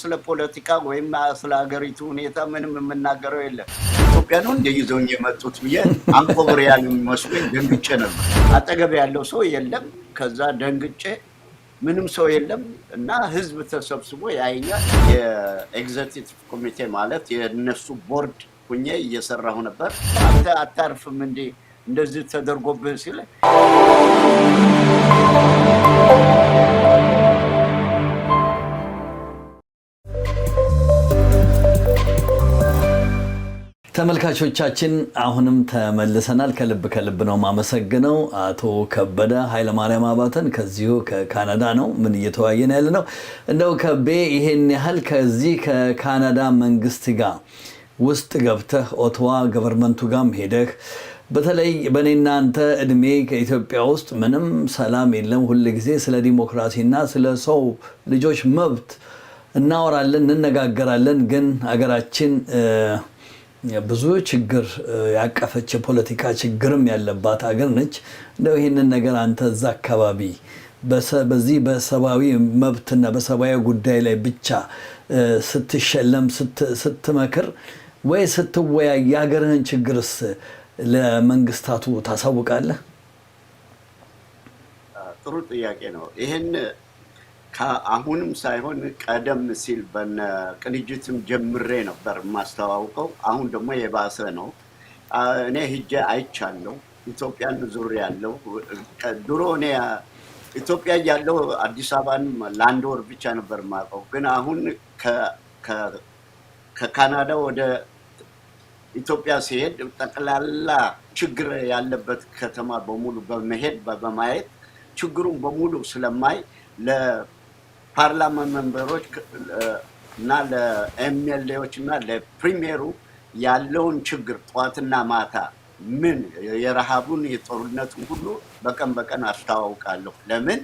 ስለ ፖለቲካ ወይም ስለ ሀገሪቱ ሁኔታ ምንም የምናገረው የለም። ኢትዮጵያኑ እንደ ይዘውኝ የመጡት ብዬ አንኮበር ያሉ የሚመስሉኝ ደንግጬ ነበር። አጠገብ ያለው ሰው የለም። ከዛ ደንግጬ ምንም ሰው የለም እና ህዝብ ተሰብስቦ ያየኛል። የኤግዘኪቲቭ ኮሚቴ ማለት የነሱ ቦርድ ሁኜ እየሰራሁ ነበር። አንተ አታርፍም እንዲ እንደዚህ ተደርጎብህ ሲል ተመልካቾቻችን አሁንም ተመልሰናል። ከልብ ከልብ ነው ማመሰግነው አቶ ከበደ ኃይለማርያም አባተን ከዚሁ ከካናዳ ነው ምን እየተወያየን ያለ ነው። እንደው ከቤ ይሄን ያህል ከዚህ ከካናዳ መንግስት ጋር ውስጥ ገብተህ ኦቶዋ ገቨርንመንቱ ጋም ሄደህ በተለይ በእኔና አንተ እድሜ ከኢትዮጵያ ውስጥ ምንም ሰላም የለም። ሁል ጊዜ ስለ ዲሞክራሲና ስለ ሰው ልጆች መብት እናወራለን፣ እንነጋገራለን ግን አገራችን ብዙ ችግር ያቀፈች የፖለቲካ ችግርም ያለባት ሀገር ነች። እንደው ይህንን ነገር አንተ እዛ አካባቢ በዚህ በሰብአዊ መብትና በሰብአዊ ጉዳይ ላይ ብቻ ስትሸለም ስትመክር ወይ ስትወያይ የሀገርህን ችግርስ ለመንግስታቱ ታሳውቃለህ? ጥሩ ጥያቄ ነው። ይህን አሁንም ሳይሆን ቀደም ሲል በነ ቅንጅትም ጀምሬ ነበር የማስተዋውቀው። አሁን ደግሞ የባሰ ነው። እኔ ሂጄ አይቻለሁ። ኢትዮጵያን ዙር ያለው ድሮ እኔ ኢትዮጵያ እያለሁ አዲስ አበባን ለአንድ ወር ብቻ ነበር የማውቀው። ግን አሁን ከካናዳ ወደ ኢትዮጵያ ሲሄድ ጠቅላላ ችግር ያለበት ከተማ በሙሉ በመሄድ በማየት ችግሩን በሙሉ ስለማይ ፓርላማ መንበሮች እና ለኤምኤልኤዎች እና ለፕሪሚየሩ ያለውን ችግር ጠዋትና ማታ ምን የረሃቡን የጦርነቱን ሁሉ በቀን በቀን አስተዋውቃለሁ። ለምን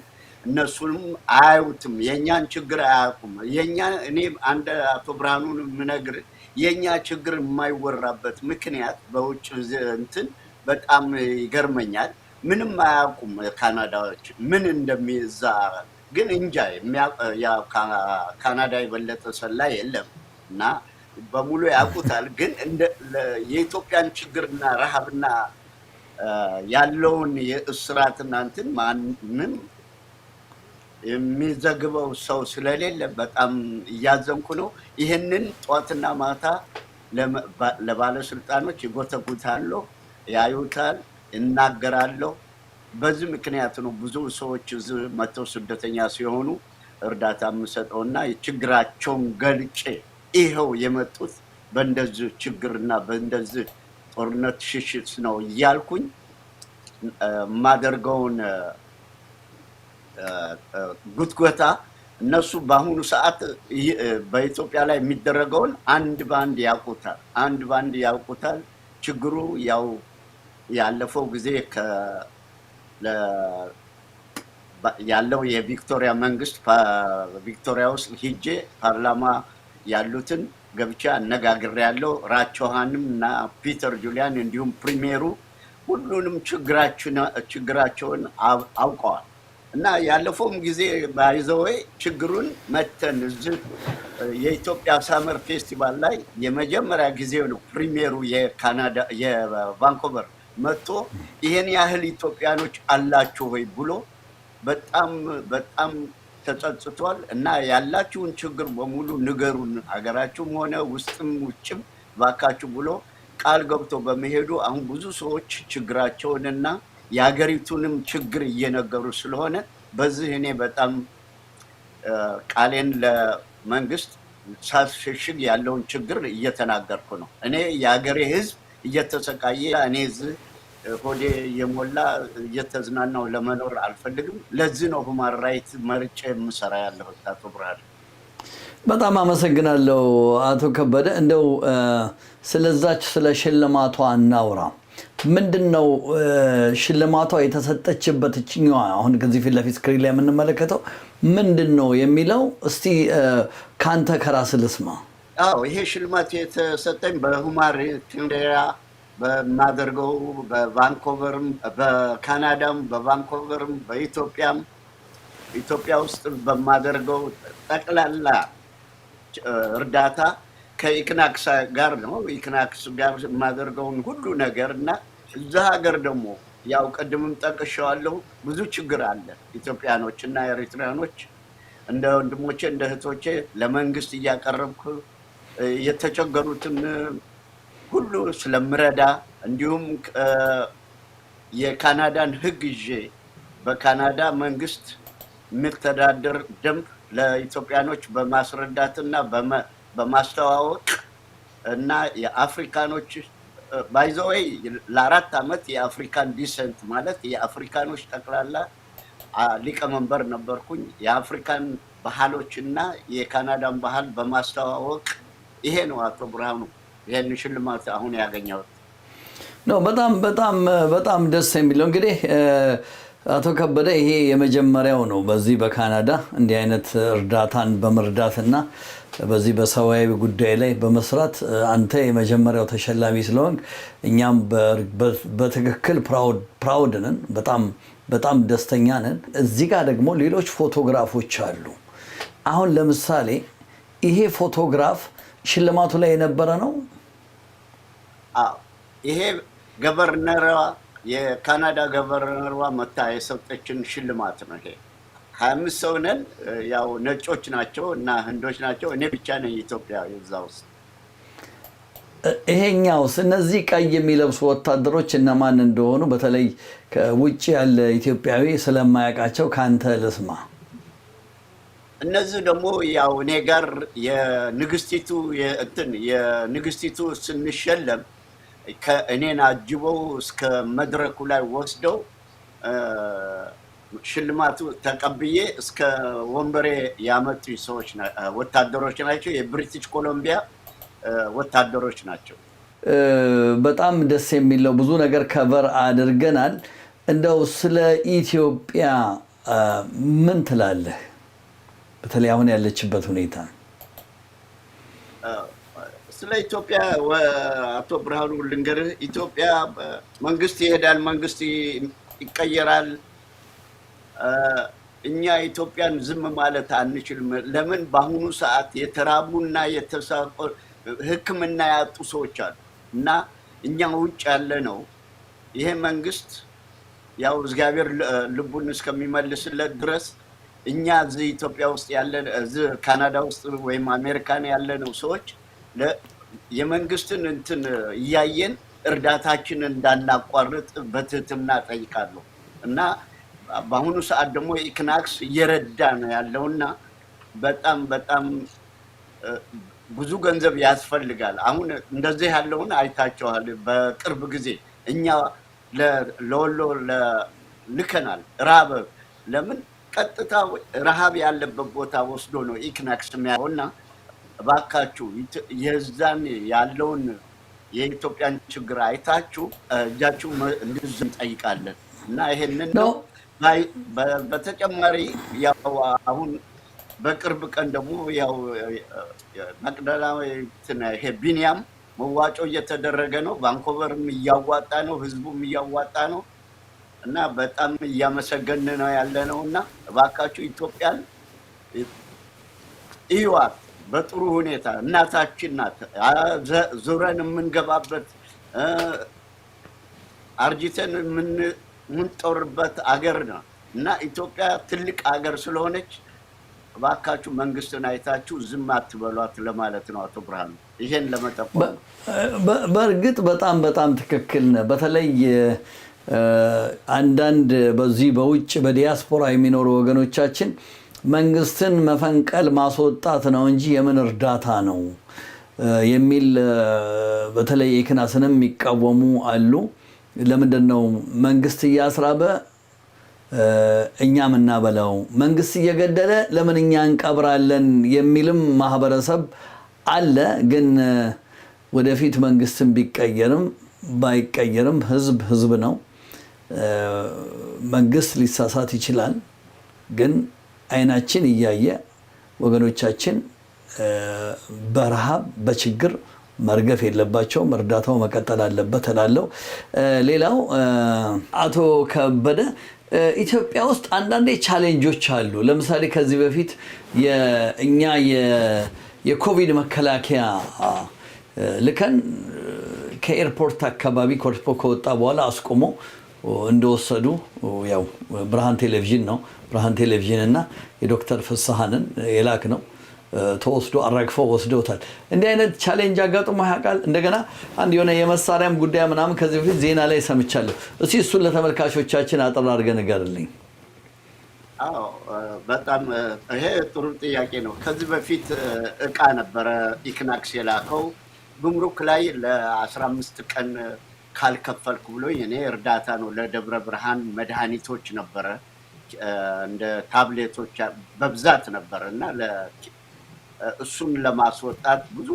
እነሱንም አያዩትም፣ የእኛን ችግር አያውቁም። የኛ እኔ አንድ አቶ ብርሃኑን የምነግር የእኛ ችግር የማይወራበት ምክንያት በውጭ እንትን በጣም ይገርመኛል። ምንም አያውቁም ካናዳዎች ምን እንደሚዛ ግን እንጃ ካናዳ የበለጠ ሰላ የለም እና በሙሉ ያውቁታል። ግን የኢትዮጵያን ችግርና ረሃብና ያለውን የእስራት እናንትን ማንም የሚዘግበው ሰው ስለሌለ በጣም እያዘንኩ ነው። ይህንን ጠዋትና ማታ ለባለስልጣኖች ይጎተጉታለሁ፣ ያዩታል፣ እናገራለሁ በዚህ ምክንያት ነው ብዙ ሰዎች እዚህ መጥተው ስደተኛ ሲሆኑ እርዳታ እና ችግራቸውን ገልጬ ይኸው የመጡት በእንደዚህ ችግርና በእንደዚህ ጦርነት ሽሽት ነው እያልኩኝ የማደርገውን ጉትጎታ እነሱ በአሁኑ ሰዓት በኢትዮጵያ ላይ የሚደረገውን አንድ በአንድ ያውቁታል። አንድ በአንድ ያውቁታል። ችግሩ ያው ያለፈው ጊዜ ያለው የቪክቶሪያ መንግስት ቪክቶሪያ ውስጥ ሂጄ ፓርላማ ያሉትን ገብቼ ያለው ራቸውሃንም እና ፒተር ጁሊያን እንዲሁም ፕሪሜሩ ሁሉንም ችግራቸውን አውቀዋል እና ያለፈውም ጊዜ ባይዘወይ ችግሩን መተን እዚህ የኢትዮጵያ ሳመር ፌስቲቫል ላይ የመጀመሪያ ጊዜ ነው ፕሪሜሩ የካናዳ የቫንኮቨር መጥቶ ይሄን ያህል ኢትዮጵያኖች አላችሁ ወይ ብሎ በጣም በጣም ተጸጽቷል። እና ያላችሁን ችግር በሙሉ ንገሩን፣ ሀገራችሁም ሆነ ውስጥም ውጭም ባካችሁ ብሎ ቃል ገብቶ በመሄዱ አሁን ብዙ ሰዎች ችግራቸውንና የሀገሪቱንም ችግር እየነገሩ ስለሆነ በዚህ እኔ በጣም ቃሌን ለመንግስት ሳሽግ ያለውን ችግር እየተናገርኩ ነው። እኔ የሀገሬ ህዝብ እየተሰቃየ እኔ እዚህ ሆዴ የሞላ እየተዝናናው ለመኖር አልፈልግም። ለዚህ ነው ሁማን ራይት መርጬ የምሰራ ያለሁ። አቶ ብርሃን በጣም አመሰግናለሁ። አቶ ከበደ እንደው ስለዛች ስለ ሽልማቷ እናውራ። ምንድን ነው ሽልማቷ የተሰጠችበት? እችኛዋ አሁን ከዚህ ፊት ለፊት ስክሪን ላይ የምንመለከተው ምንድን ነው የሚለው እስቲ ከአንተ ከራስ ልስማ። ይሄ ሽልማት የተሰጠኝ በሁማን በማደርገው በቫንኮቨርም በካናዳም በቫንኮቨርም በኢትዮጵያም ኢትዮጵያ ውስጥ በማደርገው ጠቅላላ እርዳታ ከኢክናክስ ጋር ነው። ኢክናክስ ጋር የማደርገውን ሁሉ ነገር እና እዛ ሀገር ደግሞ ያው ቅድምም ጠቅሸዋለሁ፣ ብዙ ችግር አለ። ኢትዮጵያኖች እና ኤሪትሪያኖች እንደ ወንድሞቼ እንደ እህቶቼ ለመንግስት እያቀረብኩ የተቸገሩትን ሁሉ ስለምረዳ እንዲሁም የካናዳን ሕግ ይዤ በካናዳ መንግስት የሚተዳደር ደንብ ለኢትዮጵያኖች በማስረዳት በማስተዋወቅ እና የአፍሪካኖች ባይዘወይ ለአራት ዓመት የአፍሪካን ዲሰንት ማለት የአፍሪካኖች ጠቅላላ ሊቀመንበር ነበርኩኝ። የአፍሪካን ባህሎች እና የካናዳን ባህል በማስተዋወቅ ይሄ ነው አቶ ብርሃኑ ይህን ሽልማት አሁን ያገኘሁት በጣም በጣም በጣም ደስ የሚለው እንግዲህ አቶ ከበደ ይሄ የመጀመሪያው ነው። በዚህ በካናዳ እንዲህ አይነት እርዳታን በመርዳትና በዚህ በሰብአዊ ጉዳይ ላይ በመስራት አንተ የመጀመሪያው ተሸላሚ ስለሆንክ እኛም በትክክል ፕራውድ ነን። በጣም በጣም ደስተኛ ነን። እዚህ ጋር ደግሞ ሌሎች ፎቶግራፎች አሉ። አሁን ለምሳሌ ይሄ ፎቶግራፍ ሽልማቱ ላይ የነበረ ነው። ይሄ ገቨርነሯ የካናዳ ገቨርነሯ መታ የሰጠችን ሽልማት ነው። ይሄ ሀያ አምስት ሰው ነን። ያው ነጮች ናቸው እና ህንዶች ናቸው። እኔ ብቻ ነኝ ኢትዮጵያ እዛ ውስጥ። ይሄኛውስ እነዚህ ቀይ የሚለብሱ ወታደሮች እነማን እንደሆኑ በተለይ ከውጭ ያለ ኢትዮጵያዊ ስለማያውቃቸው ከአንተ ልስማ። እነዚህ ደግሞ ያው እኔ ጋር የንግስቲቱ እንትን የንግስቲቱ ስንሸለም እኔን አጅበው እስከ መድረኩ ላይ ወስደው ሽልማቱ ተቀብዬ እስከ ወንበሬ ያመጡ ሰዎች ወታደሮች ናቸው። የብሪቲሽ ኮሎምቢያ ወታደሮች ናቸው። በጣም ደስ የሚለው ብዙ ነገር ከቨር አድርገናል። እንደው ስለ ኢትዮጵያ ምን ትላለህ? በተለይ አሁን ያለችበት ሁኔታ ስለ ኢትዮጵያ አቶ ብርሃኑ ልንገርህ፣ ኢትዮጵያ መንግስት ይሄዳል፣ መንግስት ይቀየራል። እኛ ኢትዮጵያን ዝም ማለት አንችልም። ለምን በአሁኑ ሰዓት የተራቡና ሕክምና ያጡ ሰዎች አሉ እና እኛ ውጭ ያለ ነው ይሄ መንግስት ያው እግዚአብሔር ልቡን እስከሚመልስለት ድረስ እኛ እዚህ ኢትዮጵያ ውስጥ ያለ እዚህ ካናዳ ውስጥ ወይም አሜሪካን ያለ ነው ሰዎች የመንግስትን እንትን እያየን እርዳታችንን እንዳናቋርጥ በትህትና ጠይቃለሁ እና በአሁኑ ሰዓት ደግሞ ኢክናክስ እየረዳ ነው ያለው እና በጣም በጣም ብዙ ገንዘብ ያስፈልጋል። አሁን እንደዚህ ያለውን አይታቸዋል። በቅርብ ጊዜ እኛ ለወሎ ልከናል። ራበ ለምን ቀጥታ ረሃብ ያለበት ቦታ ወስዶ ነው ኢክናክስ የሚያውና እባካችሁ የዛን ያለውን የኢትዮጵያን ችግር አይታችሁ እጃችሁ እንድዝ እንጠይቃለን እና ይሄንን ነው። በተጨማሪ ያው አሁን በቅርብ ቀን ደግሞ ያው መቅደላዊት ይሄ ቢኒያም መዋጮ እየተደረገ ነው። ቫንኮቨርም እያዋጣ ነው፣ ህዝቡም እያዋጣ ነው እና በጣም እያመሰገን ነው ያለ ነው እና እባካችሁ ኢትዮጵያን እዩዋት። በጥሩ ሁኔታ እናታችን ናት። ዙረን የምንገባበት አርጅተን የምንጦርበት አገር ነው እና ኢትዮጵያ ትልቅ አገር ስለሆነች እባካችሁ መንግስትን አይታችሁ ዝም አትበሏት ለማለት ነው። አቶ ብርሃኑ ይሄን ለመጠቆም በእርግጥ በጣም በጣም ትክክል ነህ። በተለይ አንዳንድ በዚህ በውጭ በዲያስፖራ የሚኖሩ ወገኖቻችን መንግስትን መፈንቀል ማስወጣት ነው እንጂ የምን እርዳታ ነው የሚል በተለይ የክናስንም የሚቃወሙ አሉ። ለምንድን ነው መንግስት እያስራበ እኛ ምናበላው? መንግስት እየገደለ ለምን እኛ እንቀብራለን የሚልም ማህበረሰብ አለ። ግን ወደፊት መንግስትን ቢቀየርም ባይቀየርም ህዝብ ህዝብ ነው። መንግስት ሊሳሳት ይችላል ግን አይናችን እያየ ወገኖቻችን በረሃብ በችግር መርገፍ የለባቸውም። እርዳታው መቀጠል አለበት እላለሁ። ሌላው አቶ ከበደ ኢትዮጵያ ውስጥ አንዳንዴ ቻሌንጆች አሉ። ለምሳሌ ከዚህ በፊት እኛ የኮቪድ መከላከያ ልከን ከኤርፖርት አካባቢ ኮርፖ ከወጣ በኋላ አስቆሞ እንደወሰዱ ያው ብርሃን ቴሌቪዥን ነው። ብርሃን ቴሌቪዥን እና የዶክተር ፍስሐንን የላክ ነው ተወስዶ አራግፈው ወስደውታል። እንዲህ አይነት ቻሌንጅ አጋጥሞ ያውቃል? እንደገና አንድ የሆነ የመሳሪያም ጉዳይ ምናምን ከዚህ በፊት ዜና ላይ ሰምቻለሁ። እስኪ እሱን ለተመልካቾቻችን አጠር አድርገ ንገርልኝ። በጣም ይሄ ጥሩ ጥያቄ ነው። ከዚህ በፊት እቃ ነበረ ኢክናክስ የላከው ጉምሩክ ላይ ለ አምስት ቀን ካልከፈልኩ ብሎኝ እኔ እርዳታ ነው ለደብረ ብርሃን መድኃኒቶች ነበረ እንደ ታብሌቶች በብዛት ነበረ እና እሱን ለማስወጣት ብዙ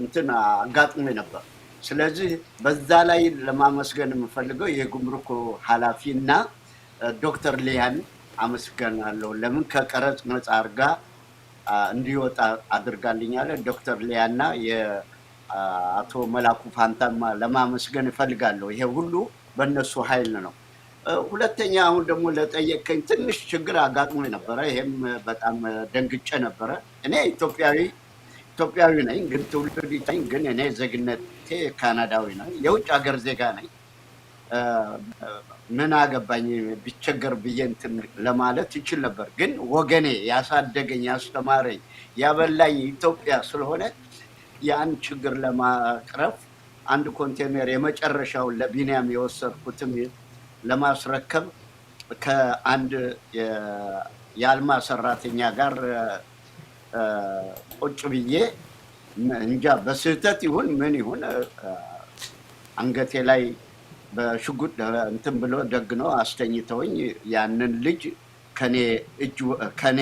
እንትን አጋጥሜ ነበር። ስለዚህ በዛ ላይ ለማመስገን የምፈልገው የጉምሩክ ኃላፊ እና ዶክተር ሊያን አመስገናለሁ። ለምን ከቀረጽ ነጻ አርጋ እንዲወጣ አድርጋልኛለ ዶክተር ሊያና አቶ መላኩ ፋንታን ለማመስገን እፈልጋለሁ። ይሄ ሁሉ በእነሱ ኃይል ነው። ሁለተኛ አሁን ደግሞ ለጠየቀኝ ትንሽ ችግር አጋጥሞ ነበረ። ይሄም በጣም ደንግጬ ነበረ። እኔ ኢትዮጵያዊ ኢትዮጵያዊ ነኝ፣ ግን ትውልድ ነኝ፣ ግን እኔ ዜግነቴ ካናዳዊ ነኝ። የውጭ ሀገር ዜጋ ነኝ። ምን አገባኝ ቢቸገር ብዬ እንትን ለማለት ይችል ነበር። ግን ወገኔ ያሳደገኝ ያስተማረኝ ያበላኝ ኢትዮጵያ ስለሆነ የአንድ ችግር ለማቅረፍ አንድ ኮንቴነር የመጨረሻውን ለቢኒያም የወሰድኩትም ለማስረከብ ከአንድ የአልማ ሰራተኛ ጋር ቁጭ ብዬ እንጃ በስህተት ይሁን ምን ይሁን አንገቴ ላይ በሽጉጥ እንትን ብሎ ደግኖ አስተኝተውኝ ያንን ልጅ ከኔ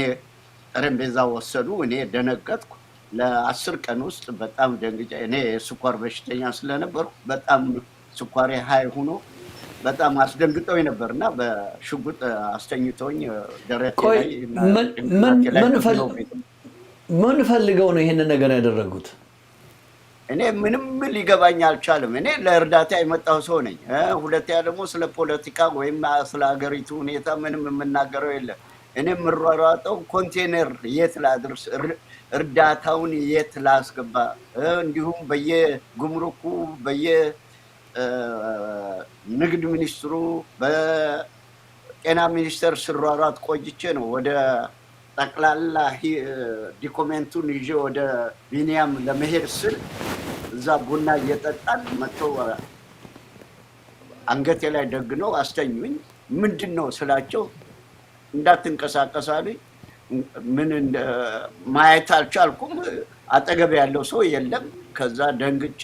ጠረጴዛ ወሰዱ። እኔ ደነገጥኩ። ለአስር ቀን ውስጥ በጣም ደንግጫ እኔ የስኳር በሽተኛ ስለነበሩ በጣም ስኳሬ ሀይ ሆኖ በጣም አስደንግጠው ነበር እና በሽጉጥ አስተኝተውኝ ደረቴ ምን ፈልገው ነው ይሄንን ነገር ያደረጉት? እኔ ምንም ሊገባኝ አልቻለም። እኔ ለእርዳታ የመጣው ሰው ነኝ። ሁለተኛ ደግሞ ስለ ፖለቲካ ወይም ስለ ሀገሪቱ ሁኔታ ምንም የምናገረው የለም። እኔ የምሯሯጠው ኮንቴነር የት ላድርስ እርዳታውን የት ላስገባ፣ እንዲሁም በየጉምሩኩ በየንግድ ሚኒስትሩ በጤና ሚኒስቴር ስሯሯት ቆይቼ ነው ወደ ጠቅላላ ዲኮሜንቱን ይዤ ወደ ቢኒያም ለመሄድ ስል እዛ ቡና እየጠጣን መቶ አንገቴ ላይ ደግነው አስተኙኝ። ምንድን ነው ስላቸው እንዳትንቀሳቀሳሉኝ ምን ማየት አልቻልኩም። አጠገብ ያለው ሰው የለም። ከዛ ደንግጬ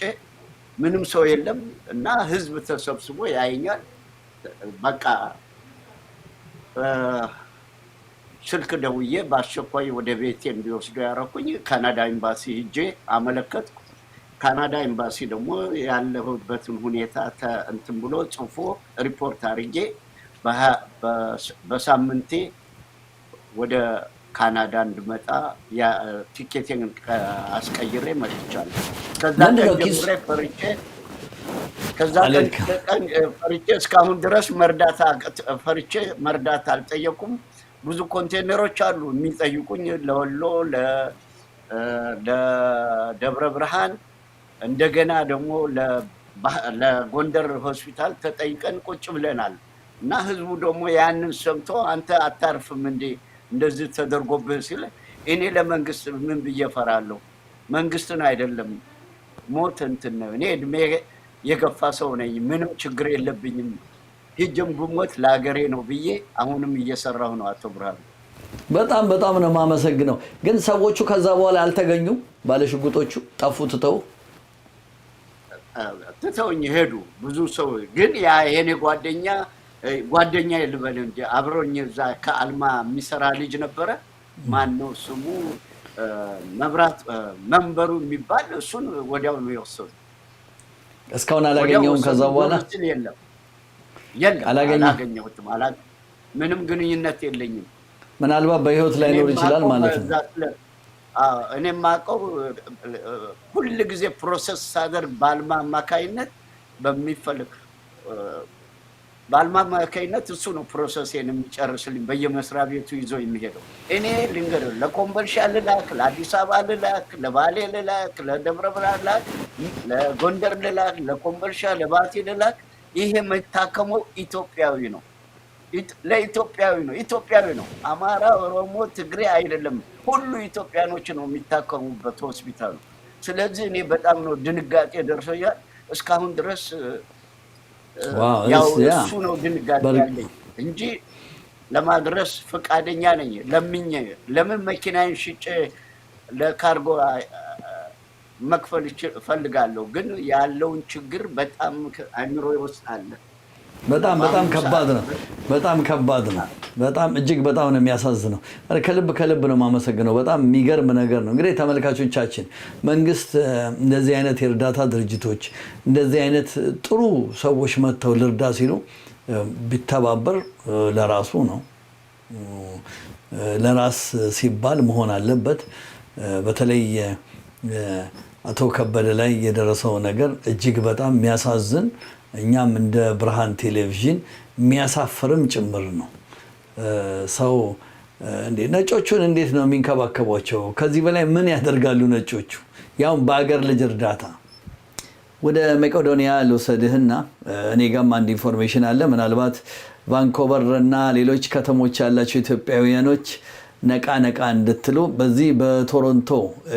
ምንም ሰው የለም እና ህዝብ ተሰብስቦ ያየኛል። በቃ ስልክ ደውዬ በአስቸኳይ ወደ ቤቴ እንዲወስዱ ያደረኩኝ። ካናዳ ኤምባሲ ሂጄ አመለከትኩ። ካናዳ ኤምባሲ ደግሞ ያለሁበትን ሁኔታ እንትን ብሎ ጽፎ ሪፖርት አድርጌ በሳምንቴ ወደ ካናዳ እንድመጣ ቲኬቴን አስቀይሬ መጥቻለሁ። ከዛ ቀን ፈርቼ እስካሁን ድረስ መርዳታ ፈርቼ መርዳታ አልጠየቁም ብዙ ኮንቴነሮች አሉ የሚጠይቁኝ ለወሎ፣ ለደብረ ብርሃን እንደገና ደግሞ ለጎንደር ሆስፒታል ተጠይቀን ቁጭ ብለናል እና ህዝቡ ደግሞ ያንን ሰምቶ አንተ አታርፍም እንዴ እንደዚህ ተደርጎብህ ሲል እኔ ለመንግስት ምን ብዬ እፈራለሁ? መንግስትን አይደለም ሞት እንትን ነው። እኔ እድሜ የገፋ ሰው ነኝ፣ ምንም ችግር የለብኝም። ሂጅም ብሞት ለሀገሬ ነው ብዬ አሁንም እየሰራሁ ነው። አቶ ብርሃኑ በጣም በጣም ነው የማመሰግነው። ግን ሰዎቹ ከዛ በኋላ አልተገኙም። ባለሽጉጦቹ ጠፉ፣ ትተው ትተውኝ ሄዱ። ብዙ ሰው ግን ያ የኔ ጓደኛ ጓደኛ ልበል እንጂ አብሮኝ እዛ ከአልማ የሚሰራ ልጅ ነበረ። ማን ነው ስሙ? መብራት መንበሩ የሚባል እሱን ወዲያው ነው የወሰዱ። እስካሁን አላገኘውም። ከዛ በኋላ የለም አላገኘሁትም። ምንም ግንኙነት የለኝም። ምናልባት በህይወት ላይ ኖር ይችላል ማለት ነው። እኔ ማቀው ሁል ጊዜ ፕሮሰስ ሳደርግ በአልማ አማካይነት በሚፈልግ በአልማ እሱ ነው ፕሮሰሴን የሚጨርስልኝ በየመስሪያ ቤቱ ይዞ የሚሄደው። እኔ ልንገር ለኮምቦልቻ ልላክ፣ ለአዲስ አበባ ልላክ፣ ለባሌ ልላክ፣ ለደብረ ብርሃን ልላክ፣ ለጎንደር ልላክ፣ ለኮምቦልቻ ለባቲ ልላክ፣ ይሄ የምታከመው ኢትዮጵያዊ ነው ለኢትዮጵያዊ ነው። ኢትዮጵያዊ ነው። አማራ፣ ኦሮሞ፣ ትግሬ አይደለም። ሁሉ ኢትዮጵያኖች ነው የሚታከሙበት ሆስፒታሉ። ስለዚህ እኔ በጣም ነው ድንጋጤ ደርሶኛል እስካሁን ድረስ ያው እሱ ነው ድንጋጤ ያለኝ እንጂ ለማድረስ ፈቃደኛ ነኝ። ለምኝ ለምን መኪናዬን ሽጬ ለካርጎ መክፈል እፈልጋለሁ፣ ግን ያለውን ችግር በጣም አእምሮ ውስጥ አለ። በጣም በጣም ከባድ ነው። በጣም ከባድ ነው። በጣም እጅግ በጣም ነው የሚያሳዝነው። ከልብ ከልብ ነው የማመሰግነው። በጣም የሚገርም ነገር ነው። እንግዲህ ተመልካቾቻችን፣ መንግስት እንደዚህ አይነት የእርዳታ ድርጅቶች እንደዚህ አይነት ጥሩ ሰዎች መጥተው ልርዳ ሲሉ ቢተባበር ለራሱ ነው ለራስ ሲባል መሆን አለበት። በተለይ አቶ ከበደ ላይ የደረሰው ነገር እጅግ በጣም የሚያሳዝን እኛም እንደ ብርሃን ቴሌቪዥን የሚያሳፍርም ጭምር ነው። ሰው እንዴ ነጮቹን እንዴት ነው የሚንከባከቧቸው? ከዚህ በላይ ምን ያደርጋሉ ነጮቹ? ያውም በአገር ልጅ እርዳታ። ወደ መቄዶንያ ልውሰድህና እኔ ጋም አንድ ኢንፎርሜሽን አለ። ምናልባት ቫንኮቨር እና ሌሎች ከተሞች ያላቸው ኢትዮጵያውያኖች ነቃ ነቃ እንድትሉ በዚህ በቶሮንቶ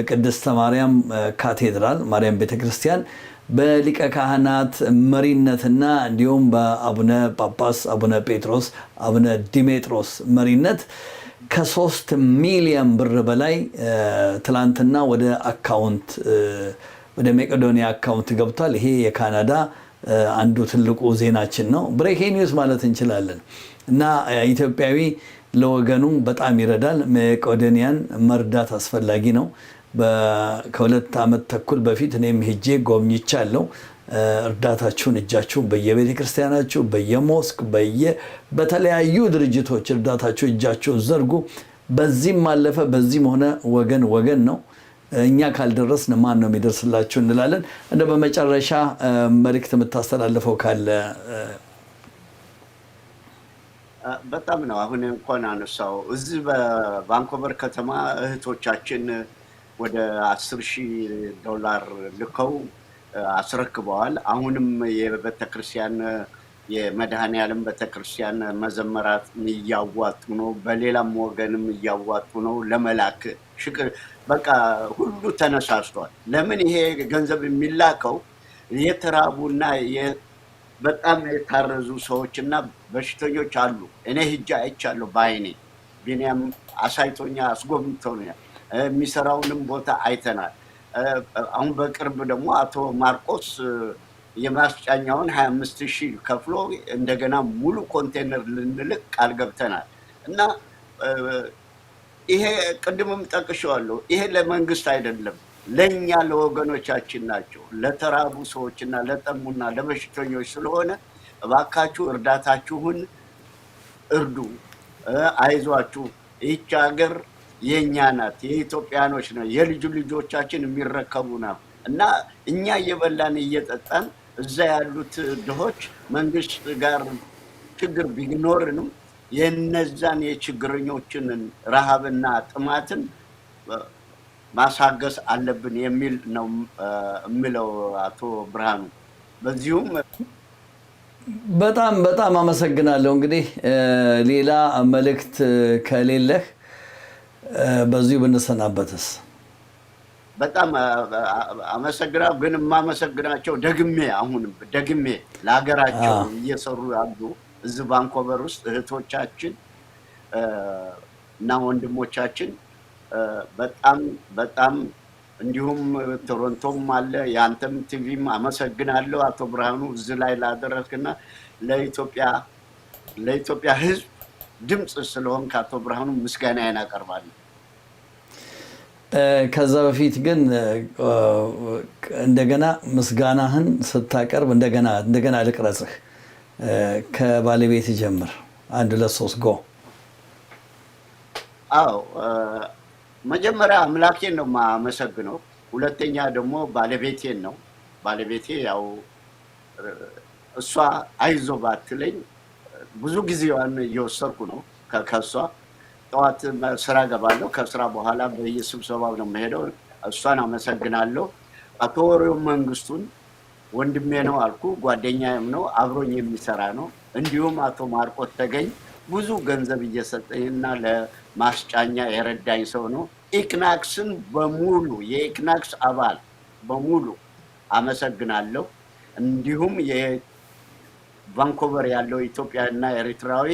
ቅድስተ ማርያም ካቴድራል ማርያም ቤተክርስቲያን በሊቀ ካህናት መሪነትና እንዲሁም በአቡነ ጳጳስ አቡነ ጴጥሮስ አቡነ ዲሜጥሮስ መሪነት ከሶስት ሚሊዮን ብር በላይ ትላንትና ወደ አካውንት ወደ መቄዶኒያ አካውንት ገብቷል። ይሄ የካናዳ አንዱ ትልቁ ዜናችን ነው። ብሬኬ ኒውስ ማለት እንችላለን። እና ኢትዮጵያዊ ለወገኑ በጣም ይረዳል። መቄዶኒያን መርዳት አስፈላጊ ነው። ከሁለት ዓመት ተኩል በፊት እኔም ሄጄ ጎብኝቻለሁ። እርዳታችሁን እጃችሁን በየቤተ ክርስቲያናችሁ፣ በየሞስክ በየ በተለያዩ ድርጅቶች እርዳታችሁ እጃችሁን ዘርጉ። በዚህም አለፈ በዚህም ሆነ ወገን ወገን ነው። እኛ ካልደረስን ማን ነው የሚደርስላችሁ እንላለን። እንደ በመጨረሻ መልእክት የምታስተላልፈው ካለ በጣም ነው። አሁን እንኳን አነሳው እዚህ በቫንኮቨር ከተማ እህቶቻችን ወደ አስር ሺህ ዶላር ልከው አስረክበዋል። አሁንም የቤተክርስቲያን የመድኃኔ ዓለም ቤተክርስቲያን መዘመራት እያዋጡ ነው። በሌላም ወገንም እያዋጡ ነው ለመላክ ሽቅር በቃ ሁሉ ተነሳስቷል። ለምን ይሄ ገንዘብ የሚላከው የተራቡና በጣም የታረዙ ሰዎች እና በሽተኞች አሉ። እኔ ሂጃ አይቻለሁ በአይኔ ቢኒያም አሳይቶኛ አስጎብኝቶኛል። የሚሰራውንም ቦታ አይተናል። አሁን በቅርብ ደግሞ አቶ ማርቆስ የማስጫኛውን ሀያ አምስት ሺህ ከፍሎ እንደገና ሙሉ ኮንቴነር ልንልቅ ቃል ገብተናል እና ይሄ ቅድምም ጠቅሼዋለሁ። ይሄ ለመንግስት አይደለም፣ ለእኛ ለወገኖቻችን ናቸው፣ ለተራቡ ሰዎችና ለጠሙና ለበሽተኞች ስለሆነ እባካችሁ እርዳታችሁን እርዱ። አይዟችሁ ይች ሀገር የእኛ ናት፣ የኢትዮጵያኖች ነው፣ የልጁ ልጆቻችን የሚረከቡ ነው እና እኛ እየበላን እየጠጣን እዛ ያሉት ድሆች መንግስት ጋር ችግር ቢኖርንም የነዛን የችግረኞችን ረሃብና ጥማትን ማሳገስ አለብን የሚል ነው የሚለው አቶ ብርሃኑ። በዚሁም በጣም በጣም አመሰግናለሁ። እንግዲህ ሌላ መልእክት ከሌለህ በዚሁ ብንሰናበትስ? በጣም አመሰግና ግን የማመሰግናቸው ደግሜ አሁንም ደግሜ ለሀገራቸው እየሰሩ ያሉ እዚህ ባንኮቨር ውስጥ እህቶቻችን እና ወንድሞቻችን በጣም በጣም እንዲሁም ቶሮንቶም አለ የአንተም ቲቪም አመሰግናለሁ አቶ ብርሃኑ እዚህ ላይ ላደረስክና ለኢትዮጵያ ለኢትዮጵያ ህዝብ ድምፅ ስለሆን ከአቶ ብርሃኑ ምስጋናዬን አቀርባለሁ። ከዛ በፊት ግን እንደገና ምስጋናህን ስታቀርብ እንደገና እንደገና ልቅረጽህ። ከባለቤት ጀምር። አንድ ለሶስት ጎ። አዎ መጀመሪያ አምላኬን ነው የማመሰግነው። ሁለተኛ ደግሞ ባለቤቴን ነው። ባለቤቴ ያው እሷ አይዞ ባትለኝ ብዙ ጊዜዋን እየወሰድኩ ነው ከእሷ። ጠዋት ስራ ገባለሁ። ከስራ በኋላ በየስብሰባ ነው የምሄደው። እሷን አመሰግናለሁ። አቶ ወሬው መንግስቱን ወንድሜ ነው አልኩ። ጓደኛዬም ነው፣ አብሮኝ የሚሰራ ነው። እንዲሁም አቶ ማርቆት ተገኝ ብዙ ገንዘብ እየሰጠኝና ለማስጫኛ የረዳኝ ሰው ነው። ኢክናክስን በሙሉ የኢክናክስ አባል በሙሉ አመሰግናለሁ። እንዲሁም ቫንኮቨር ያለው ኢትዮጵያና ኤሪትራዊ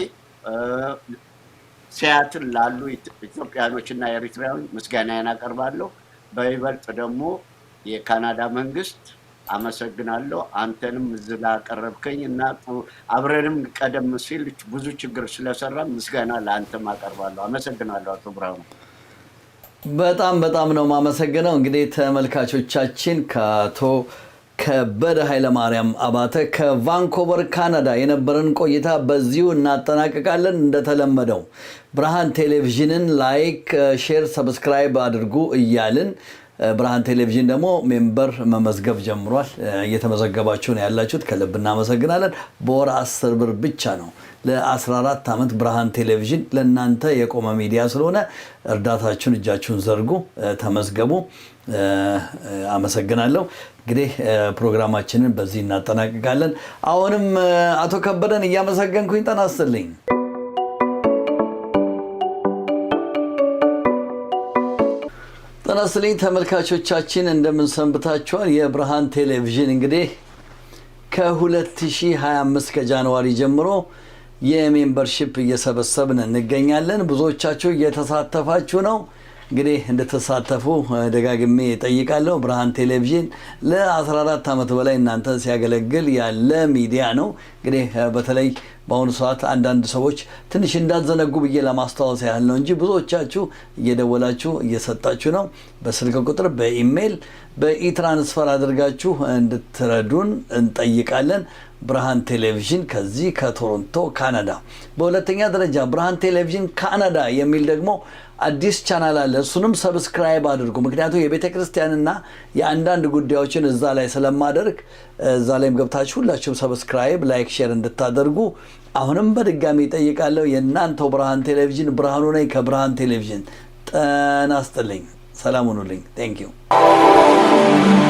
ሲያትል ላሉ ኢትዮጵያኖችና ኤሪትራዊ ምስጋናዬን አቀርባለሁ። በይበልጥ ደግሞ የካናዳ መንግስት አመሰግናለሁ። አንተንም እዚህ ላቀረብከኝ እና አብረንም ቀደም ሲል ብዙ ችግር ስለሰራ ምስጋና ለአንተም አቀርባለሁ። አመሰግናለሁ አቶ ብርሃኑ። በጣም በጣም ነው የማመሰግነው። እንግዲህ ተመልካቾቻችን ከአቶ ከበደ ኃይለማርያም አባተ ከቫንኮቨር ካናዳ የነበረን ቆይታ በዚሁ እናጠናቀቃለን እንደተለመደው ብርሃን ቴሌቪዥንን ላይክ፣ ሼር፣ ሰብስክራይብ አድርጉ እያልን ብርሃን ቴሌቪዥን ደግሞ ሜምበር መመዝገብ ጀምሯል። እየተመዘገባችሁ ነው ያላችሁት፣ ከልብ እናመሰግናለን። በወር አስር ብር ብቻ ነው። ለ14 ዓመት ብርሃን ቴሌቪዥን ለእናንተ የቆመ ሚዲያ ስለሆነ እርዳታችሁን እጃችሁን ዘርጉ፣ ተመዝገቡ። አመሰግናለሁ። እንግዲህ ፕሮግራማችንን በዚህ እናጠናቅቃለን። አሁንም አቶ ከበደን እያመሰገንኩኝ ጠናስልኝ ይስጥልኝ ተመልካቾቻችን እንደምንሰንብታችኋል። የብርሃን ቴሌቪዥን እንግዲህ ከ2025 ከጃንዋሪ ጀምሮ የሜምበርሺፕ እየሰበሰብን እንገኛለን። ብዙዎቻችሁ እየተሳተፋችሁ ነው። እንግዲህ እንድትሳተፉ ደጋግሜ እጠይቃለሁ። ብርሃን ቴሌቪዥን ለ14 ዓመት በላይ እናንተ ሲያገለግል ያለ ሚዲያ ነው። እንግዲህ በተለይ በአሁኑ ሰዓት አንዳንድ ሰዎች ትንሽ እንዳዘነጉ ብዬ ለማስታወስ ያህል ነው እንጂ ብዙዎቻችሁ እየደወላችሁ እየሰጣችሁ ነው። በስልክ ቁጥር፣ በኢሜይል፣ በኢትራንስፈር አድርጋችሁ እንድትረዱን እንጠይቃለን። ብርሃን ቴሌቪዥን ከዚህ ከቶሮንቶ ካናዳ። በሁለተኛ ደረጃ ብርሃን ቴሌቪዥን ካናዳ የሚል ደግሞ አዲስ ቻናል አለ። እሱንም ሰብስክራይብ አድርጉ። ምክንያቱም የቤተ ክርስቲያንና የአንዳንድ ጉዳዮችን እዛ ላይ ስለማደርግ እዛ ላይም ገብታችሁ ሁላችሁም ሰብስክራይብ፣ ላይክ፣ ሼር እንድታደርጉ አሁንም በድጋሚ ይጠይቃለሁ። የእናንተው ብርሃን ቴሌቪዥን ብርሃኑ ነኝ ከብርሃን ቴሌቪዥን። ጠናስጥልኝ ሰላም ሁኑልኝ። ቴንክ ዩ